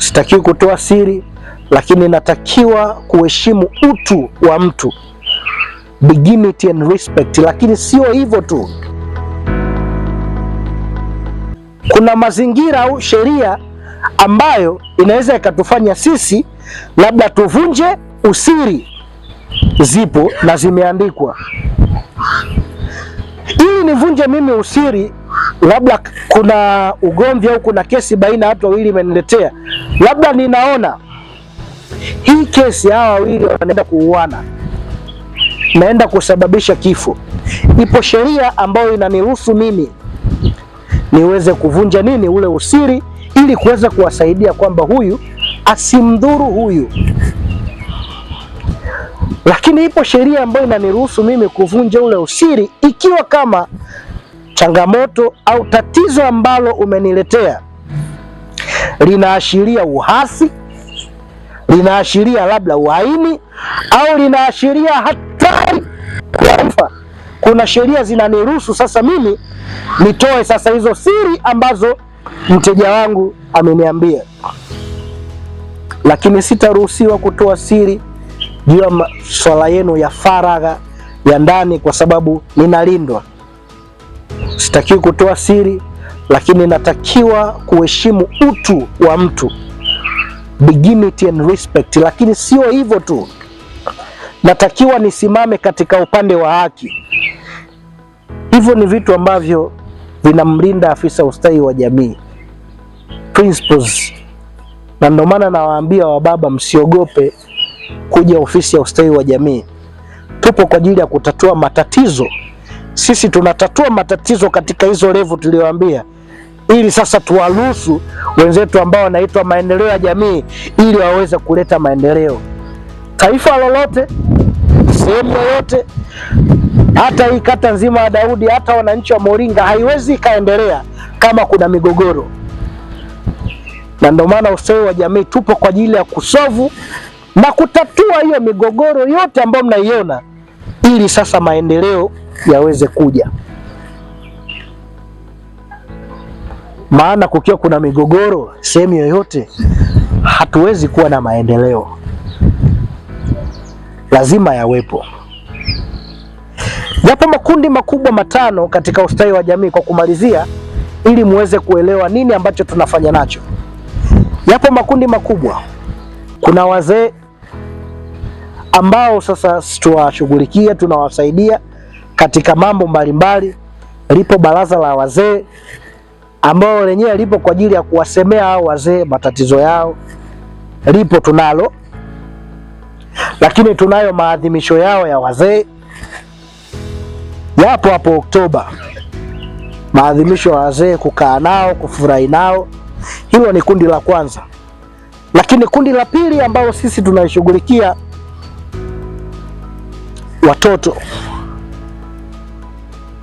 sitakiwi kutoa siri, lakini natakiwa kuheshimu utu wa mtu, dignity and respect. Lakini sio hivyo tu, kuna mazingira au sheria ambayo inaweza ikatufanya sisi labda tuvunje usiri. Zipo na zimeandikwa ili nivunje mimi usiri labda kuna ugomvi au kuna kesi baina ya watu wawili imeniletea, labda ninaona hii kesi, hawa wawili wanaenda kuuana, naenda kusababisha kifo, ipo sheria ambayo inaniruhusu mimi niweze kuvunja nini ule usiri, ili kuweza kuwasaidia kwamba huyu asimdhuru huyu, lakini ipo sheria ambayo inaniruhusu mimi kuvunja ule usiri ikiwa kama changamoto au tatizo ambalo umeniletea linaashiria uhasi, linaashiria labda uhaini, au linaashiria hatari kufa. Kuna sheria zinaniruhusu sasa mimi nitoe sasa hizo siri ambazo mteja wangu ameniambia, lakini sitaruhusiwa kutoa siri juu ya masuala yenu ya faragha ya ndani, kwa sababu ninalindwa sitakiwi kutoa siri, lakini natakiwa kuheshimu utu wa mtu, dignity and respect. Lakini sio hivyo tu, natakiwa nisimame katika upande wa haki. Hivyo ni vitu ambavyo vinamlinda afisa ustawi wa jamii, principles. Na ndio maana nawaambia wababa, msiogope kuja ofisi ya ustawi wa jamii. Tupo kwa ajili ya kutatua matatizo sisi tunatatua matatizo katika hizo levu tuliyoambia, ili sasa tuwaruhusu wenzetu ambao wanaitwa maendeleo ya jamii, ili waweze kuleta maendeleo taifa lolote, sehemu yoyote. Hata hii kata nzima ya Daudi, hata wananchi wa Moringa haiwezi ikaendelea kama kuna migogoro, na ndio maana ustawi wa jamii tupo kwa ajili ya kusovu na kutatua hiyo migogoro yote ambayo mnaiona, ili sasa maendeleo yaweze kuja, maana kukiwa kuna migogoro sehemu yoyote, hatuwezi kuwa na maendeleo. Lazima yawepo yapo makundi makubwa matano katika ustawi wa jamii. Kwa kumalizia, ili muweze kuelewa nini ambacho tunafanya nacho, yapo makundi makubwa. Kuna wazee ambao sasa tuwashughulikia, tunawasaidia katika mambo mbalimbali. Lipo baraza la wazee ambao lenyewe lipo kwa ajili ya kuwasemea hao wazee matatizo yao, lipo tunalo, lakini tunayo maadhimisho yao ya wazee yapo hapo Oktoba, maadhimisho ya wazee, kukaa nao, kufurahi nao. Hilo ni kundi la kwanza, lakini kundi la pili ambalo sisi tunaishughulikia watoto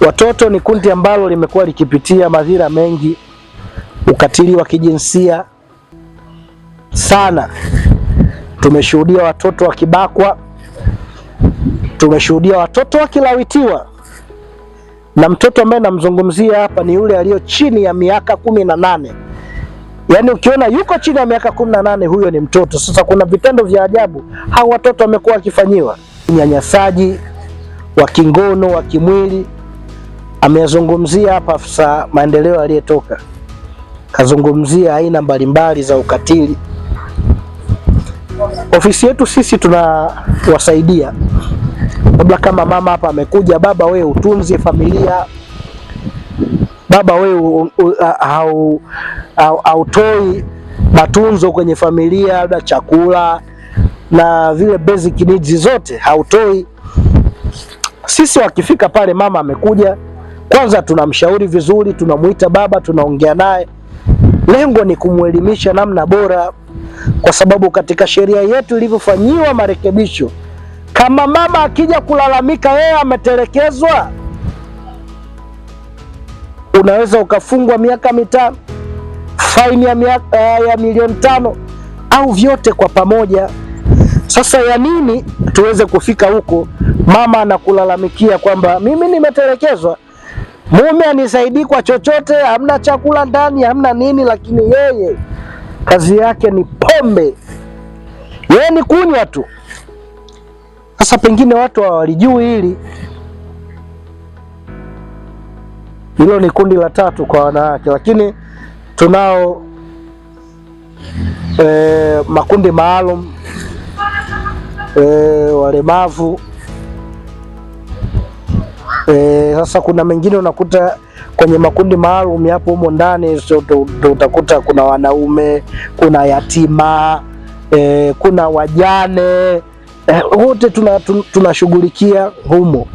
Watoto ni kundi ambalo limekuwa likipitia madhira mengi, ukatili wa kijinsia sana. Tumeshuhudia watoto wakibakwa, tumeshuhudia watoto wakilawitiwa, na mtoto ambaye namzungumzia hapa ni yule aliyo chini ya miaka kumi na nane. Yaani ukiona yuko chini ya miaka kumi na nane, huyo ni mtoto. Sasa kuna vitendo vya ajabu hawa watoto wamekuwa wakifanyiwa unyanyasaji wa kingono wa kimwili ameyazungumzia hapa afisa maendeleo aliyetoka, kazungumzia aina mbalimbali za ukatili. Ofisi yetu sisi tunawasaidia labda kama mama hapa amekuja, baba wewe utunze familia, baba wewe hautoi matunzo kwenye familia, labda chakula na vile basic needs zote hautoi. Sisi wakifika pale, mama amekuja kwanza tunamshauri vizuri, tunamuita baba, tunaongea naye. Lengo ni kumwelimisha namna bora, kwa sababu katika sheria yetu ilivyofanyiwa marekebisho, kama mama akija kulalamika yeye ametelekezwa, unaweza ukafungwa miaka mitano, faini ya, eh, ya milioni tano au vyote kwa pamoja. Sasa ya nini tuweze kufika huko, mama anakulalamikia kwamba mimi nimetelekezwa Mume anisaidii kwa chochote, hamna chakula ndani, hamna nini, lakini yeye kazi yake ni pombe, yeye ni kunywa tu. Sasa pengine watu hawalijui hili. Hilo ni kundi la tatu kwa wanawake, lakini tunao eh, makundi maalum eh, walemavu E, sasa kuna mengine unakuta kwenye makundi maalum hapo humo ndani, so utakuta kuna wanaume, kuna yatima e, kuna wajane e, wote tunashughulikia tuna humo.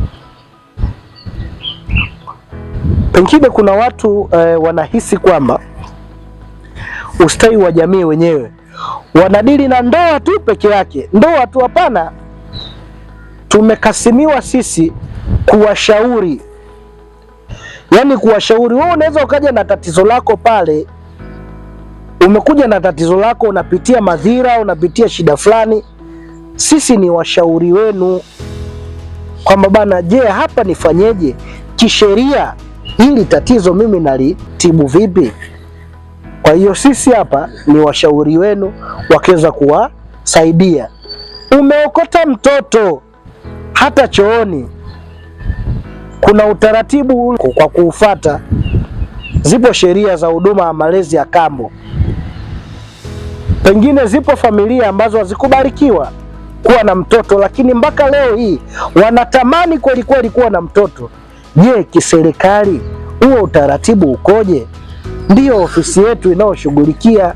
Pengine kuna watu e, wanahisi kwamba ustawi wa jamii wenyewe wanadili na ndoa tu peke yake, ndoa tu. Hapana, tumekasimiwa sisi kuwashauri, yaani kuwashauri. Wewe unaweza ukaja na tatizo lako pale, umekuja na tatizo lako, unapitia madhira, unapitia shida fulani, sisi ni washauri wenu kwamba bana, je, hapa nifanyeje kisheria? Hili tatizo mimi nalitibu vipi? Kwa hiyo sisi hapa ni washauri wenu, wakiweza kuwasaidia. Umeokota mtoto hata chooni, kuna utaratibu kwa kuufata. Zipo sheria za huduma ya malezi ya kambo. Pengine zipo familia ambazo hazikubarikiwa kuwa na mtoto, lakini mpaka leo hii wanatamani kweli kweli kuwa na mtoto. Je, kiserikali huo utaratibu ukoje? Ndiyo ofisi yetu inayoshughulikia